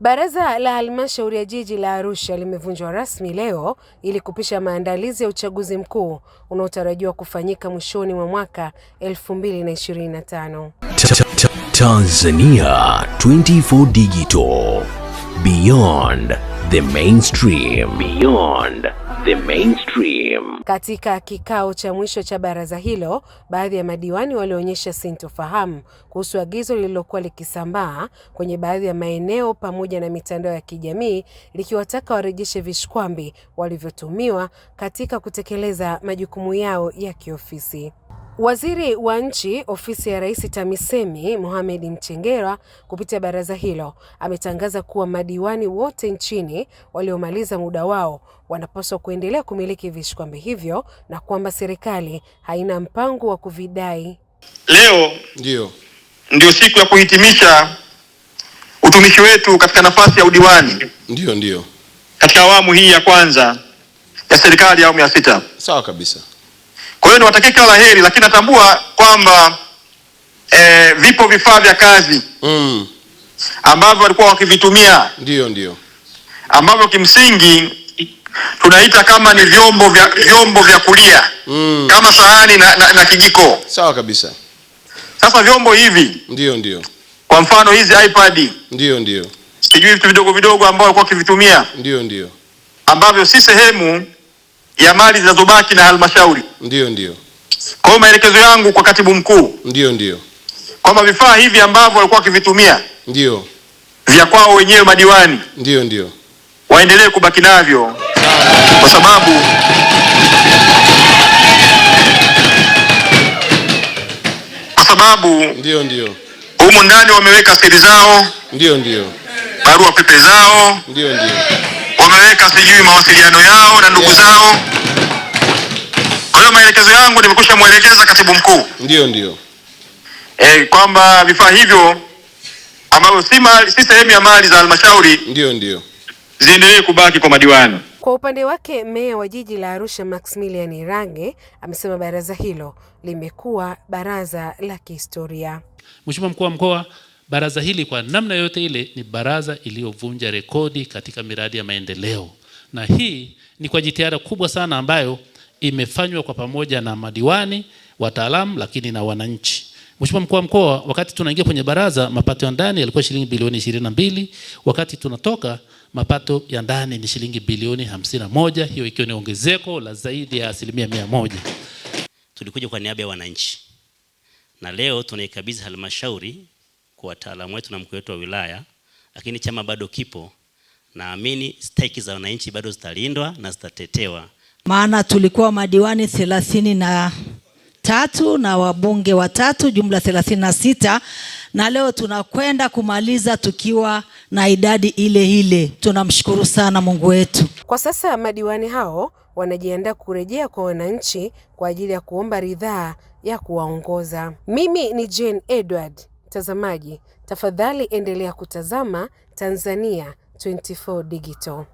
Baraza la halmashauri ya jiji la Arusha limevunjwa rasmi leo ili kupisha maandalizi ya uchaguzi mkuu unaotarajiwa kufanyika mwishoni mwa mwaka 2025. Tanzania 24 Digital. Beyond the mainstream. Beyond the mainstream. Katika kikao cha mwisho cha baraza hilo, baadhi ya madiwani walionyesha sintofahamu kuhusu agizo lililokuwa likisambaa kwenye baadhi ya maeneo pamoja na mitandao ya kijamii likiwataka warejeshe vishkwambi walivyotumiwa katika kutekeleza majukumu yao ya kiofisi. Waziri wa Nchi, Ofisi ya Rais TAMISEMI, Mohamed Mchengerwa, kupitia baraza hilo, ametangaza kuwa madiwani wote nchini waliomaliza muda wao wanapaswa kuendelea kumiliki vishikwambi hivyo na kwamba serikali haina mpango wa kuvidai. Leo ndio ndio siku ya kuhitimisha utumishi wetu katika nafasi ya udiwani. Ndio, ndio. Katika awamu hii ya kwanza ya serikali ya awamu ya sita. Sawa kabisa. Kwa hiyo niwatakie kila la heri, lakini natambua kwamba e, vipo vifaa vya kazi mm. ambavyo walikuwa wakivitumia, ndio ndio ambavyo kimsingi tunaita kama ni vyombo vya, vyombo vya kulia mm. kama sahani na, na, na kijiko. Sawa kabisa. Sasa vyombo hivi ndio ndio, kwa mfano hizi iPad ndio ndio, sijui vitu vidogo vidogo ambao walikuwa wakivitumia ndio ndio, ambavyo si sehemu ya mali zinazobaki na halmashauri. Ndio, ndio. Kwa hiyo maelekezo yangu kwa katibu mkuu, ndio, ndio, kwamba vifaa hivi ambavyo walikuwa wakivitumia ndio vya kwao wenyewe madiwani, ndio, ndio, waendelee kubaki navyo kwa sababu kwa sababu ndio, ndio, humu ndani wameweka siri zao, ndio, ndio, barua pepe zao, ndio, ndio wameweka sijui mawasiliano yao na ndugu zao. Kwa hiyo maelekezo yangu nimekwisha mwelekeza katibu mkuu, ndio ndio e, kwamba vifaa hivyo ambavyo si sehemu ya mali za halmashauri ndio ndio ziendelee kubaki kwa madiwani. Kwa upande wake meya wa jiji la Arusha Maximilian Irange amesema baraza hilo limekuwa baraza la kihistoria. Mheshimiwa mkuu wa mkoa Baraza hili kwa namna yote ile ni baraza iliyovunja rekodi katika miradi ya maendeleo, na hii ni kwa jitihada kubwa sana ambayo imefanywa kwa pamoja na madiwani, wataalamu, lakini na wananchi. Mheshimiwa Mkuu wa Mkoa, wakati tunaingia kwenye baraza mapato ya ndani yalikuwa shilingi bilioni 22, wakati tunatoka mapato ya ndani ni shilingi bilioni 51, hiyo ikiwa ni ongezeko la zaidi ya asilimia mia moja. Tulikuja kwa niaba ya wananchi na leo tunaikabidhi halmashauri kwa wataalamu wetu na mkuu wetu wa wilaya, lakini chama bado kipo. Naamini stake za wananchi bado zitalindwa na zitatetewa, maana tulikuwa madiwani thelathini na tatu na wabunge watatu, jumla thelathini na sita na leo tunakwenda kumaliza tukiwa na idadi ile ile. Tunamshukuru sana Mungu wetu. Kwa sasa madiwani hao wanajiandaa kurejea kwa wananchi kwa ajili ya kuomba ridhaa ya kuwaongoza. Mimi ni Jane Edward mtazamaji, tafadhali endelea kutazama Tanzania 24 Digital.